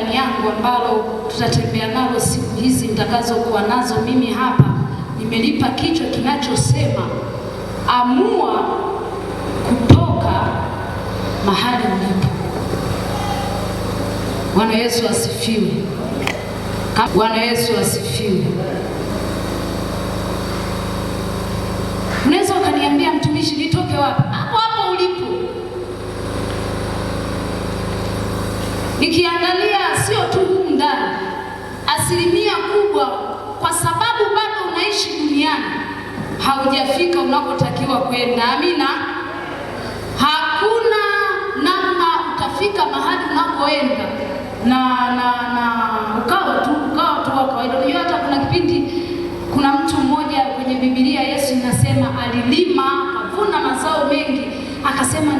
ndani yangu ambalo tutatembea nalo siku hizi nitakazokuwa nazo mimi hapa, nimelipa kichwa kinachosema amua kutoka mahali ulipo. Bwana Yesu asifiwe! Bwana Yesu asifiwe! Unaweza ukaniambia mtumishi, nitoke wapi? Hapo hapo ulipo nikiangalia sio tu humu ndani, asilimia kubwa, kwa sababu bado unaishi duniani, haujafika unapotakiwa kwenda. Amina, hakuna namna utafika mahali unakoenda na na na ukawa tu ukawa tu wa kawaida. Unajua, hata kuna kipindi, kuna mtu mmoja kwenye Biblia Yesu inasema alilima akavuna mazao mengi, akasema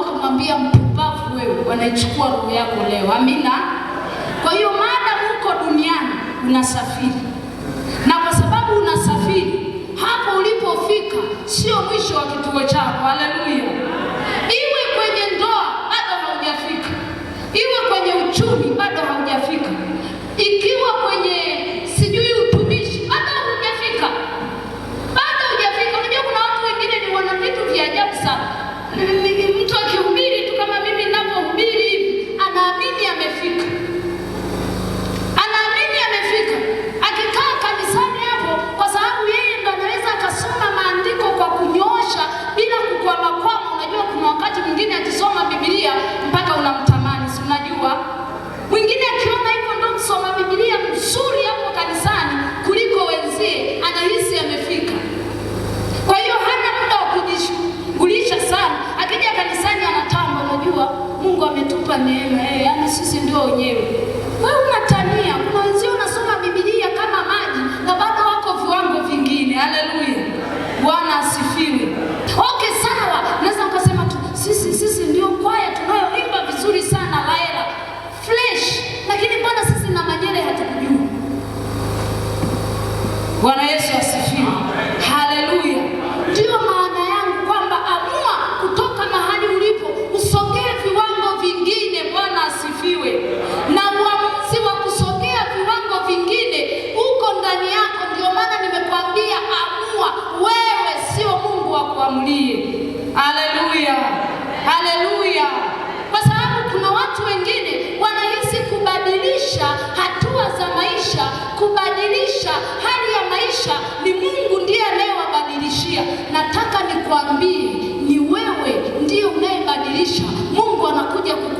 akamwambia mpumbavu wewe, wanaichukua roho yako leo. Amina. Kwa hiyo maadamu uko duniani unasafiri, na kwa sababu unasafiri, hapo ulipofika sio mwisho wa kituo chako. Haleluya! Iwe kwenye ndoa bado haujafika, iwe kwenye uchumi bado ametupa neema eh, yaani sisi ndio wenyewe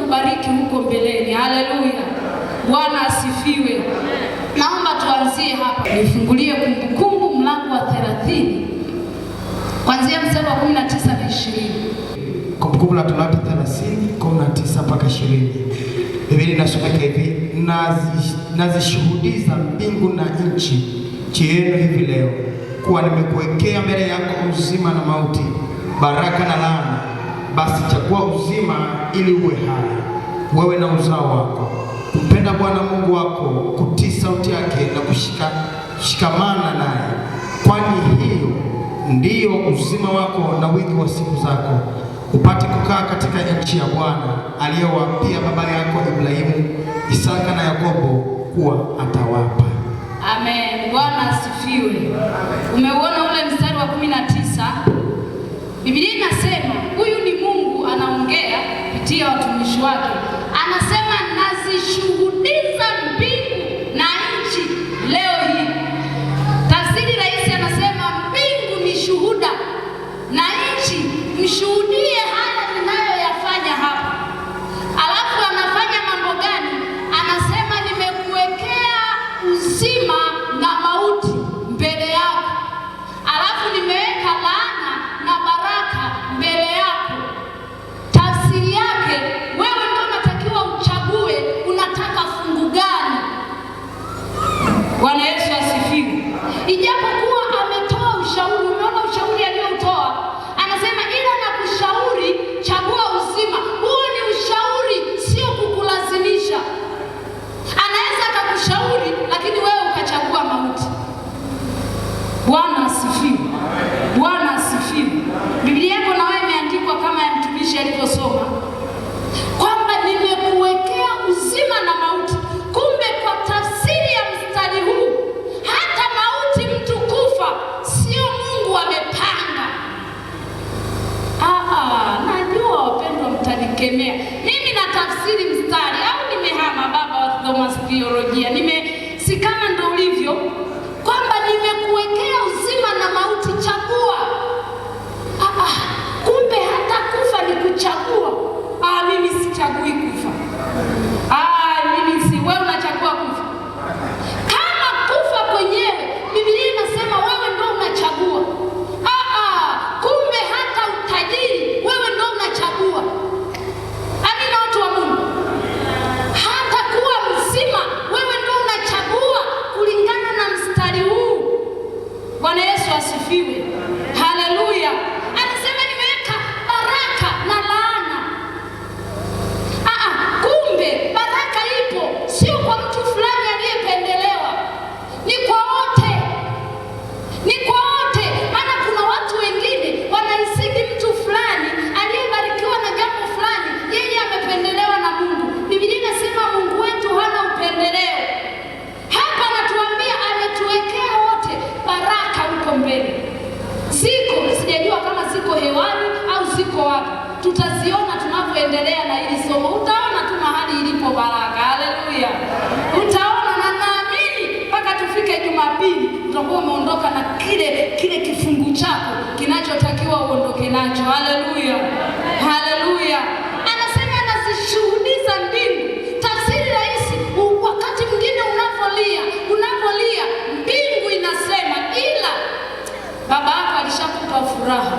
kutubariki huko mbeleni. Haleluya, Bwana asifiwe. Naomba tuanzie hapa, nifungulie Kumbukumbu mlango wa 30 kuanzia mstari wa 19 na 20. Kumbukumbu la Torati 30 19 mpaka 20. Biblia inasomeka hivi: nazishuhudia mbingu na nchi chenu hivi leo kuwa nimekuwekea mbele yako uzima na mauti, baraka na laana basi chagua uzima ili uwe hai, wewe na uzao wako, kumpenda Bwana Mungu wako, kutii sauti yake na kushika shikamana naye, kwani hiyo ndiyo uzima wako na wingi wa siku zako, upate kukaa katika nchi ya Bwana aliyowaapia baba yako Ibrahimu, Isaka na Yakobo kuwa atawapa. Amen. Bwana asifiwe. Umeuona ule mstari wa kumi na tisa Biblia inasema kupitia watumishi wake. Anasema nazishuhudiza mbingu na nchi leo hii. Tafsiri rahisi, anasema mbingu ni shuhuda na nchi, mshuhudie haya ninayoyafanya hapa. Alafu anafanya mambo gani? Anasema nimekuwekea uzima na mauti ওখানে y esse filme? kile kile kifungu chako kinachotakiwa uondoke nacho. Haleluya, haleluya. Anasema anazishuhudiza mbingu. Tafsiri rahisi, wakati mwingine unapolia, unapolia mbingu inasema, ila baba yako alishakupa furaha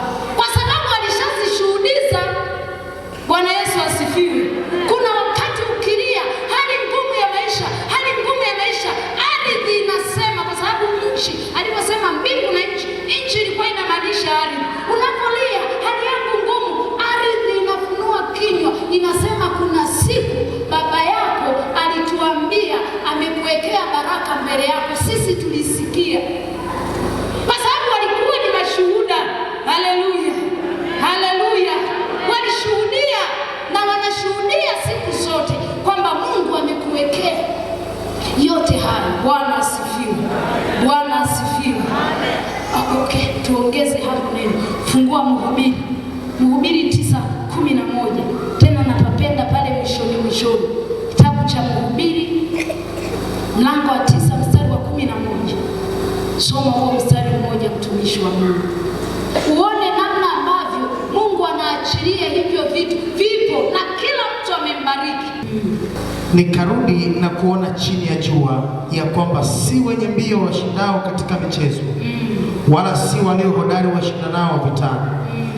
Nikarudi na kuona chini ya jua ya kwamba si wenye mbio washindao katika michezo, mm. wala si walio hodari washindanao vitani, mm.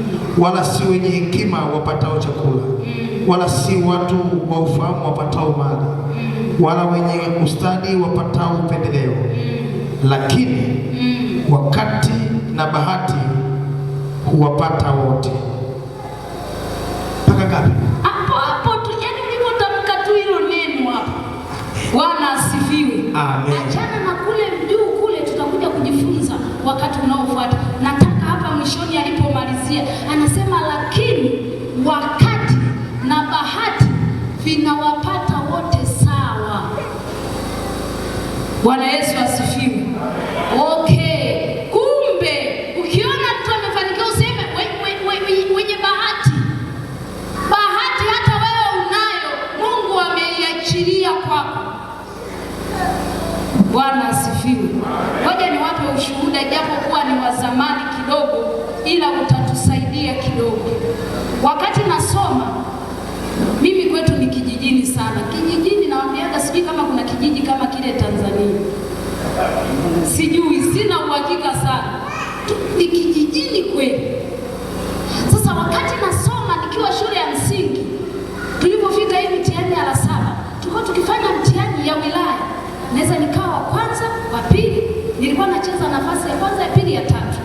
wala si wenye hekima wapatao chakula, mm. wala si watu wa ufahamu wapatao mali, wala wenye ustadi wapatao upendeleo. Lakini wakati na bahati huwapata wote. Mpaka ngapi? Bwana asifiwe. Amen. Achana na kule juu kule, tutakuja kujifunza wakati unaofuata. Nataka hapa mwishoni alipomalizia anasema, lakini wakati na bahati vinawapata wote sawa. Bwana Yesu asifiwe. Bwana asifiwe. Ngoja niwape ushuhuda, japo kuwa ni wa zamani kidogo, ila utatusaidia kidogo. Wakati nasoma mimi, kwetu ni kijijini sana, kijijini naambiaga, sijui kama kuna kijiji kama kile Tanzania, sijui, sina uhakika sana, ni kijijini kweli. Sasa wakati nasoma nikiwa shule ya msingi, tulipofika hii mtihani ya la saba, tulikuwa tukifanya mtihani ya wilaya naweza nikawa wa kwanza, wa pili, nilikuwa nacheza nafasi ya kwanza, ya pili, ya tatu.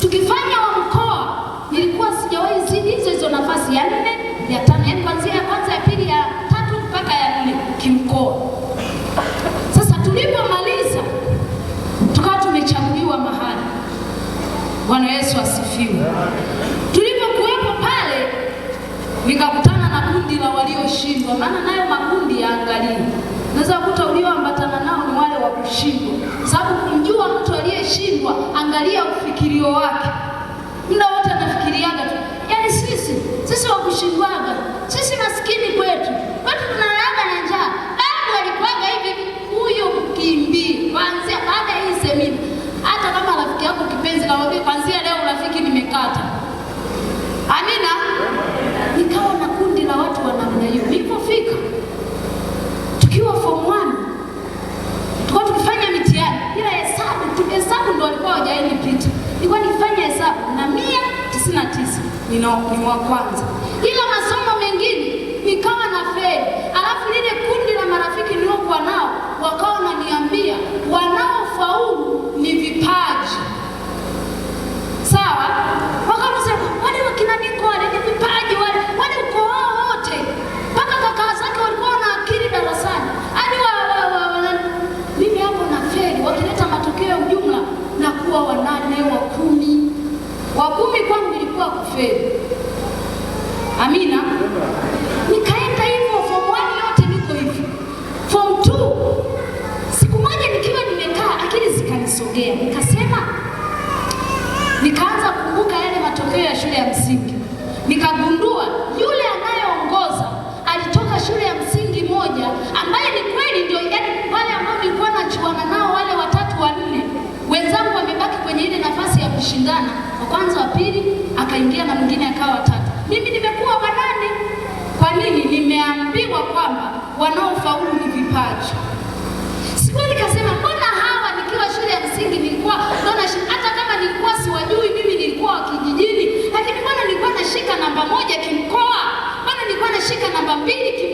Tukifanya wa mkoa nilikuwa sijawahi zidi hizo hizo nafasi ya nne, ya tano, yaani kuanzia ya kwanza, ya pili, ya tatu mpaka ya nne kimkoa. Sasa tulipomaliza tukawa tumechaguliwa mahali. Bwana Yesu asifiwe. Tulipokuwepo pale nikakutana na kundi la walioshindwa, maana nayo makundi yaangalie, naweza kuta ulioambata wa kushindwa, sababu kumjua mtu aliyeshindwa, angalia ufikirio wake, muda wote anafikiriaga tu. Yaani sisi sisi wa kushindwaga, sisi maskini kwetu kwetu, tunalala na njaa. Babu alikuwaga hivi, huyo mkimbii kuanzia baada ya hii semina, hata kama rafiki yako kipenzi, nawaambia kuanzia leo rafiki nimekata. Amina. awamu ya kwanza Amina. Nikaenda hivyo form one yote niko hivi, form two. Siku moja nikiwa nimekaa, akili zikanisogea, nikasema, nikaanza kukumbuka yale matokeo ya shule ya msingi, nikagundua yule anayeongoza alitoka shule ya msingi moja ambaye ni kweli ndio wale ambao nilikuwa nachuana nao wale watatu wanne wenzangu wamebaki kwenye ile nafasi ya kushindana, wa kwanza wa pili akaingia na mwingine akawa mimi nimekuwa wanani Kwa nini? Nimeambiwa kwamba wanaofaulu ni vipaji. Sikuwa nikasema mbona hawa, nikiwa shule ya msingi nilikuwa naona hata kama nilikuwa siwajui, mimi nilikuwa wa kijijini, lakini mbona nilikuwa nashika namba moja kimkoa, mbona nilikuwa nashika namba mbili kim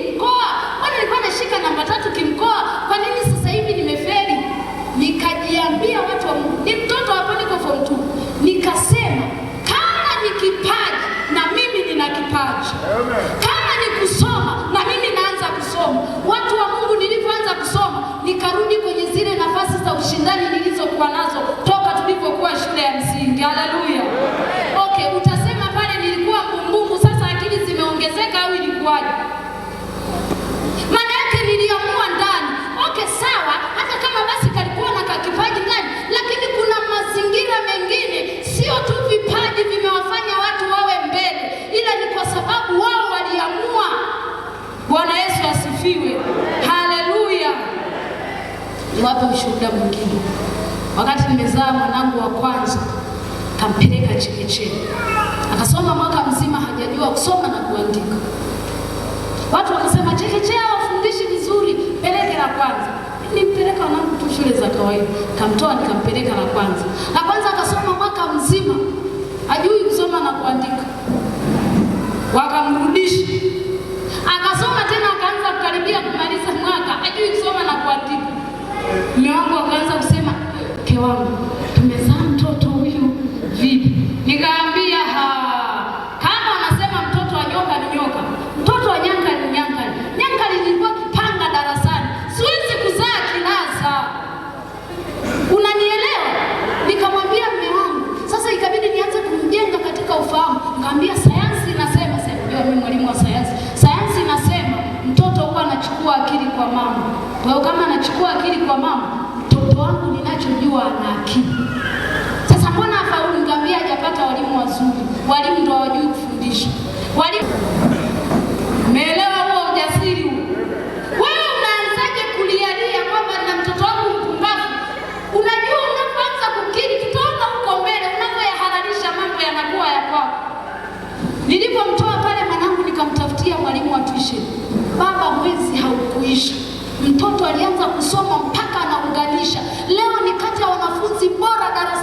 asifiwe, haleluya. Niwape ushuhuda mwingine. Wakati nimezaa mwanangu wa kwanza, kampeleka chekechea, akasoma mwaka mzima, hajajua kusoma na kuandika. Watu wakasema chekechea wafundishi vizuri, peleke la kwanza. Nilimpeleka wanangu tu shule za kawaida, kamtoa nikampeleka la kwanza. La kwanza akasoma mwaka mzima, hajui kusoma na kuandika, wakamrudisha akasoma tena karibia kumaliza mwaka, ajui kusoma na kuandika. Mume wangu akaanza kusema, ke wangu Kwa hiyo kama anachukua akili kwa mama, mtoto wangu ninachojua ana akili. Sasa mbona afaulu? Ngambia hajapata walimu wazuri, walimu ndio hawajui kufundisha walimu. Umeelewa huo ujasiri huu? Wewe unaanzaje kulialia kwamba na mtoto wangu mpumbavu? Unajua, unapoanza kukiri, tutaona huko mbele unavyoyahalalisha mambo yanakuwa ya kwako. Nilipomtoa pale mwanangu, nikamtafutia mwalimu wa tuition, baba, mwezi haukuisha mtoto alianza kusoma mpaka anaunganisha. Leo ni kati ya wanafunzi bora darasa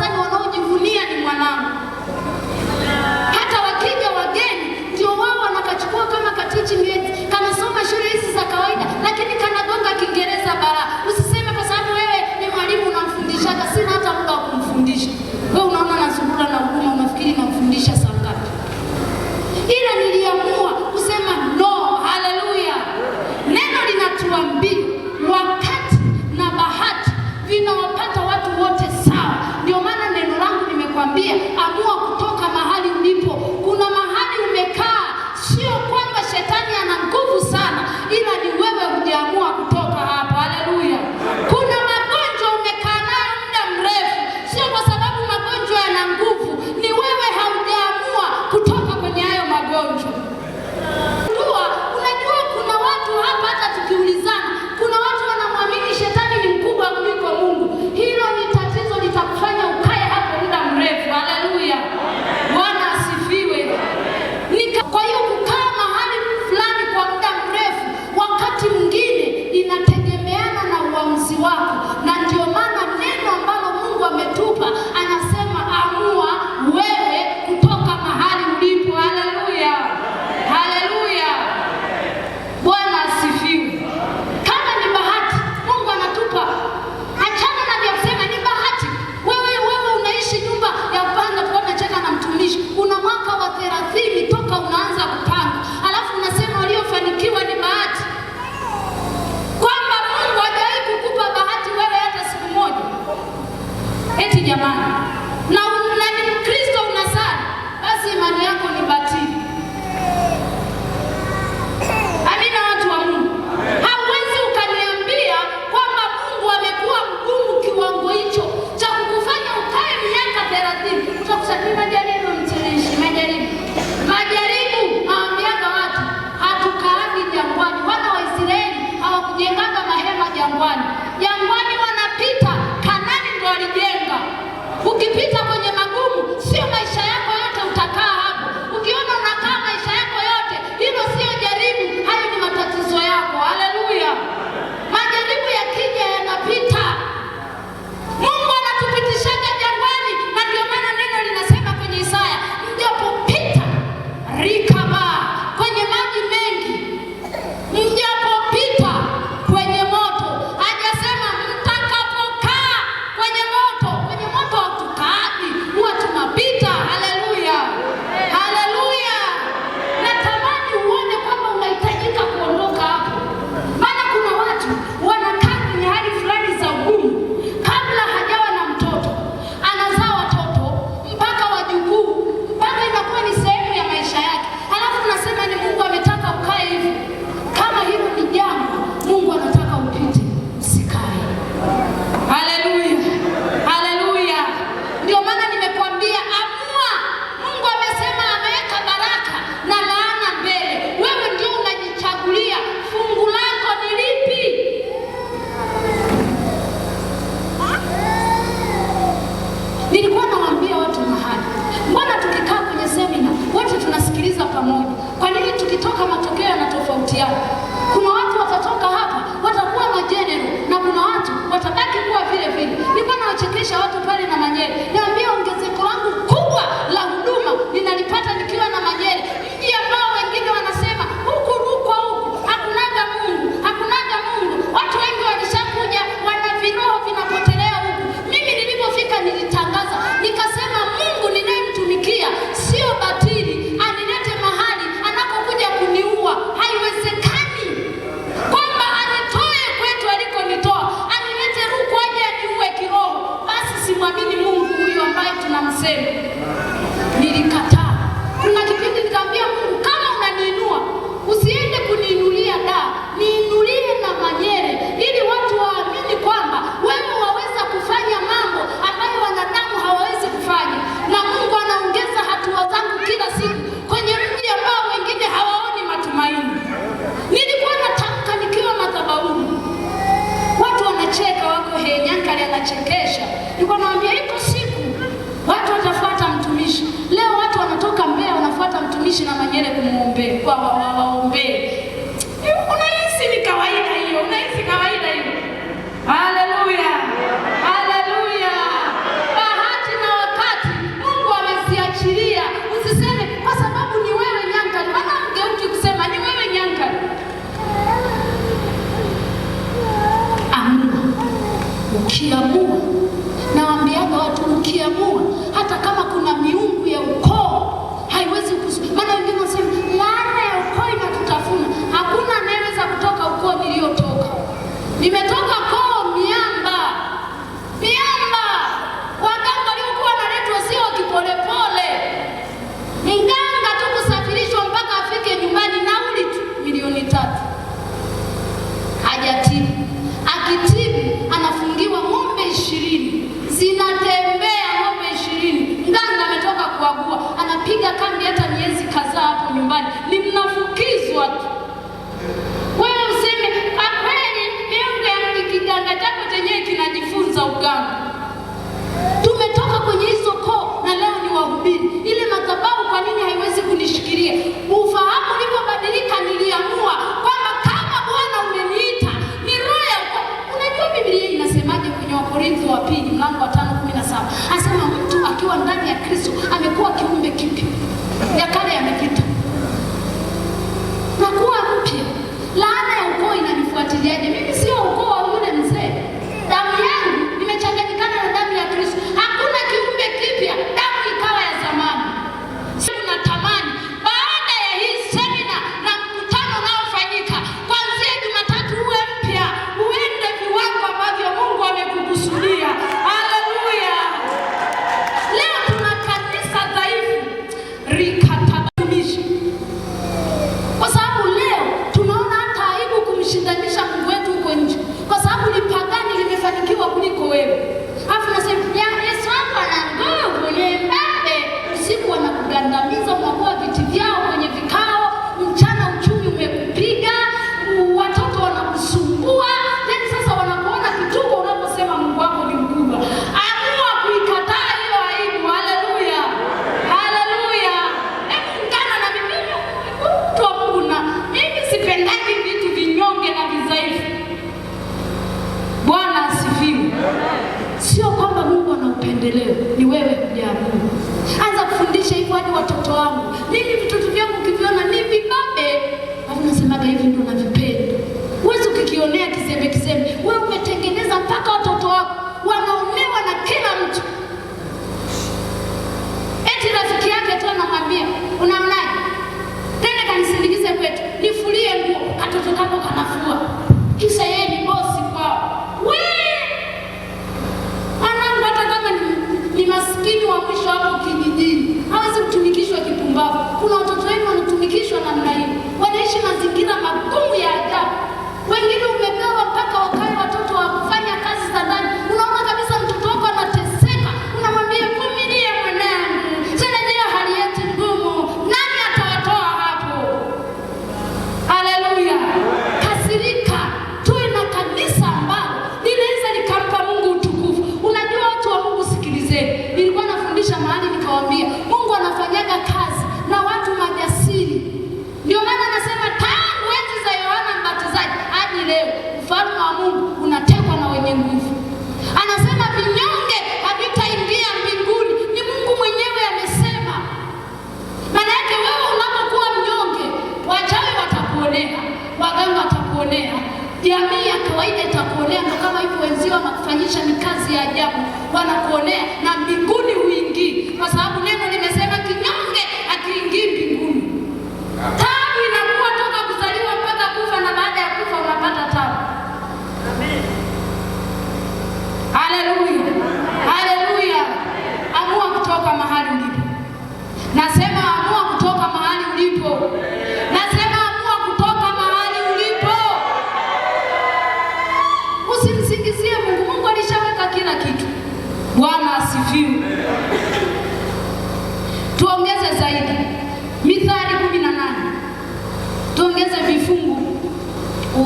Дивимося.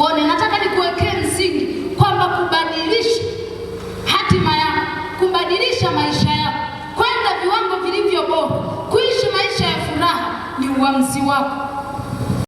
uone. Nataka nikuwekee msingi kwamba kubadilisha hatima yako, kubadilisha maisha yako, kwenda viwango vilivyo bora, kuishi maisha ya furaha ni uamuzi wako.